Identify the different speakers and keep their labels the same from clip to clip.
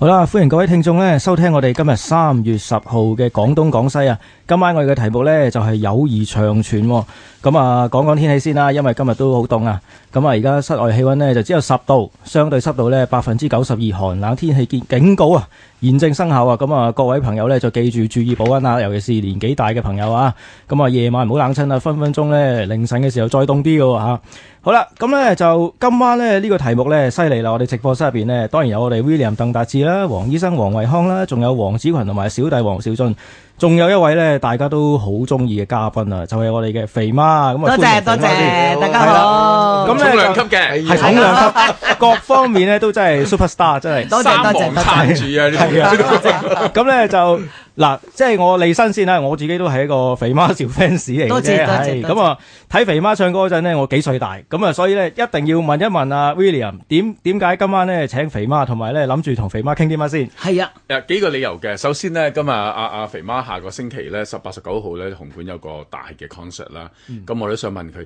Speaker 1: 好啦，歡迎各位聽眾呢收聽我哋今日三月十號嘅廣東廣西啊！今晚我哋嘅題目呢，就係友誼長存。哦，咁啊講講天氣先啦，因為今日都好凍啊！咁啊，而家室外氣溫呢，就只有十度，相對濕度呢，百分之九十二，寒冷天氣見警告啊，現正生效啊！咁啊，各位朋友呢，就記住注意保溫啊，尤其是年紀大嘅朋友啊。咁啊，夜晚唔好冷親啊，分分鐘呢，凌晨嘅時候再凍啲噶吓。好啦，咁呢，就今晚呢，呢個題目呢，犀利啦！我哋直播室入邊呢，當然有我哋 William 鄧達智啦、黃醫生黃惠康啦，仲有黃子群同埋小弟王兆俊，仲有一位呢，大家都好中意嘅嘉賓啊，就係、是、我哋嘅肥媽。咁多謝多謝，大
Speaker 2: 家好。了超兩級嘅，係重量
Speaker 1: 級，各方面咧都真係 super star，真係三王太主啊呢啲啊，咁咧就嗱，即係我嚟新鮮啦，我自己都係一個肥媽小 fans 嚟嘅，係咁啊，睇肥媽唱歌嗰陣咧，我幾歲大，咁啊，所以咧一定要問一問啊 William 點點解今晚咧請肥媽，同埋咧諗住同肥媽傾啲乜先？係啊，
Speaker 3: 誒幾個理由嘅，首先咧，今日，阿肥媽下個星期咧十八、十九號咧紅館有個大嘅 concert 啦，咁我都想問佢。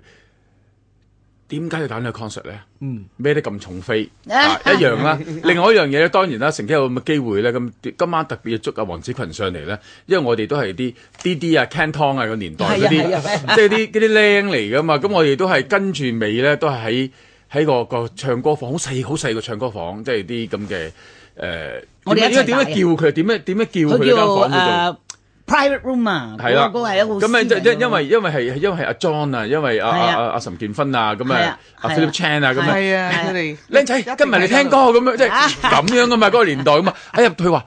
Speaker 3: 點解要揀個呢個 concert 咧？孭得咁重飛，啊啊、一樣啦、啊。另外一樣嘢咧，當然啦，成日有咁嘅機會咧。咁今晚特別要捉阿王兆俊上嚟咧，因為我哋都係啲啲啲啊，Canton 啊個年代嗰啲，即係啲啲靚嚟噶嘛。咁我哋都係跟住尾咧，都係喺喺個個唱歌房，好細好細個唱歌房，即係啲咁嘅誒。呃、我哋點樣叫佢？點樣點樣叫佢間房叫做？
Speaker 2: Private room 啊，哥哥係一個咁啊，因因
Speaker 3: 因為因係因為係阿 John 啊，因為阿阿阿岑建勳啊，咁啊阿 Philip Chan 啊，咁啊靚仔跟埋你聽歌咁樣，即係咁樣噶嘛嗰個年代咁啊！哎呀，佢話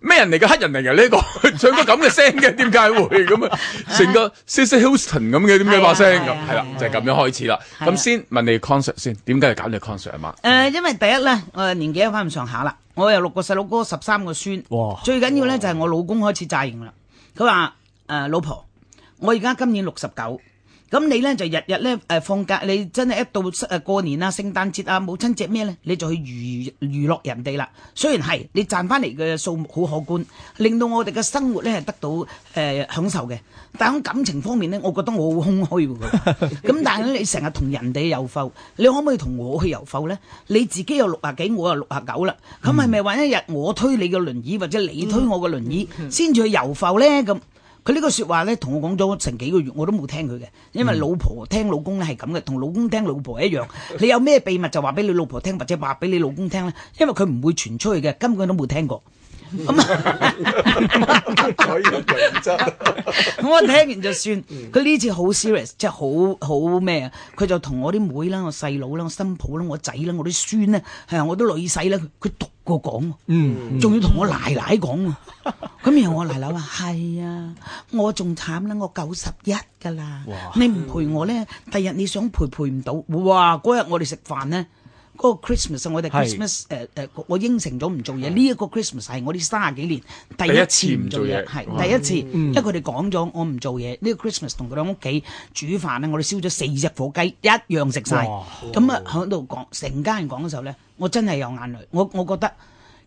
Speaker 3: 咩人嚟嘅？黑人嚟嘅呢個唱歌咁嘅聲嘅，點解會咁啊？成個 Sister Houston 咁嘅點解把聲咁？係啦，就係咁樣開始啦。咁先問你 concert 先，點解要揀你 concert 啊嘛？
Speaker 2: 誒，因為第一咧，我年紀都翻唔上下啦，我有六個細佬哥，十三個孫。哇！最緊要咧就係我老公開始齋型啦。佢話誒老婆，我而家今年六十九。咁你呢，就日日呢放假，你真係一到誒過年啊、聖誕節啊、母親節咩呢？你就去娛娛樂人哋啦。雖然係你賺返嚟嘅數目好可觀，令到我哋嘅生活呢係得到誒、呃、享受嘅，但喺感情方面呢，我覺得我好空虛。咁 但係你成日同人哋遊浮，你可唔可以同我去遊浮呢？你自己有六啊幾，我有六啊九啦。咁係咪話一日我推你嘅輪椅，或者你推我嘅輪椅，先至、嗯、去遊浮呢？咁？佢呢個說話呢，同我講咗成幾個月，我都冇聽佢嘅，因為老婆聽老公呢係咁嘅，同老公聽老婆一樣。你有咩秘密就話俾你老婆聽，或者話俾你老公聽呢，因為佢唔會傳出去嘅。根本都冇聽過。咁啊，
Speaker 1: 可以唔
Speaker 2: 準真。咁我聽完就算。佢呢次好 serious，即係好好咩啊？佢就同我啲妹啦、我細佬啦、我新抱啦、我仔啦、我啲孫咧，係啊，我啲女婿咧，佢讀過講，嗯，
Speaker 1: 仲要同我
Speaker 2: 奶奶講。咁然後我奶奶話：係啊，我仲慘啦，我九十一㗎啦，你唔陪我咧，第日你想陪陪唔到。哇！嗰日我哋食飯咧。嗰個 Christmas 我哋 Christmas 誒是、呃、我應承咗唔做嘢。呢一是個 Christmas 係我哋卅幾年第一次唔做嘢，第一次，嗯、因為佢哋講咗我唔做嘢。呢、呢個 Christmas 同佢哋屋企煮飯咧，我哋燒咗四隻火雞，一樣食晒。咁啊，響度講成家人講嘅時候咧，我真係有眼淚。我我覺得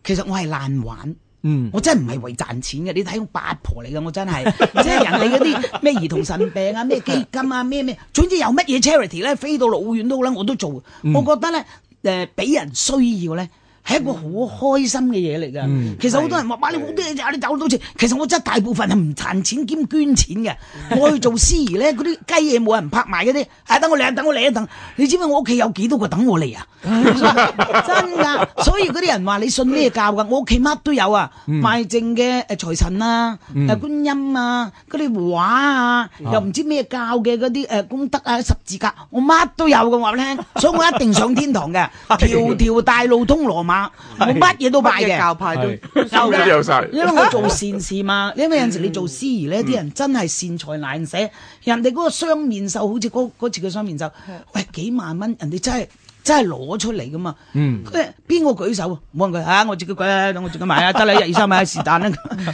Speaker 2: 其實我係爛玩，嗯、我真係唔係為賺錢嘅。你睇用八婆嚟嘅，我真係即係人哋嗰啲咩兒童腎病啊、咩基金啊、咩咩，總之有乜嘢 charity 咧，飛到老遠都好啦，我都做。嗯、我覺得咧。誒俾人需要咧。係一個好開心嘅嘢嚟噶，其實好多人話哇，你好多嘢你走到錢。其實我真係大部分係唔賺錢兼捐錢嘅，我去做司儀咧，嗰啲雞嘢冇人拍埋嗰啲，係等我嚟，等我嚟一等，等。你知唔知我屋企有幾多個等我嚟啊？ 真噶，所以嗰啲人話你信咩教噶？嗯、我屋企乜都有啊，嗯、賣剩嘅誒財神啊，嗯、觀音啊，嗰啲畫啊，啊又唔知咩教嘅嗰啲誒功德啊、十字架，我乜都有嘅話咧，所以我一定上天堂嘅，條條 大路通羅馬。我乜嘢都拜嘅，教派都收晒。的都有因為我做善事嘛，嗯、因為有陣時你做司儀呢啲人真係善財難捨。人哋嗰個雙面繡，好似嗰次嘅雙面繡，喂、哎，幾萬蚊，人哋真係真係攞出嚟噶嘛。嗯，邊個舉手？冇人舉，吓、啊，我自己舉啦，我自己買啦，得啦，一、嗯、二、三買啦，是但啦。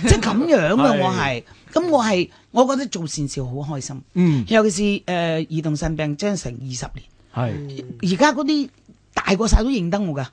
Speaker 2: 即係咁樣嘅、啊、的我係，咁我係，我覺得做善事好開心。尤其是誒、呃，兒童腎病將成二十年，
Speaker 1: 係
Speaker 2: 而家嗰啲大個晒都認得我噶。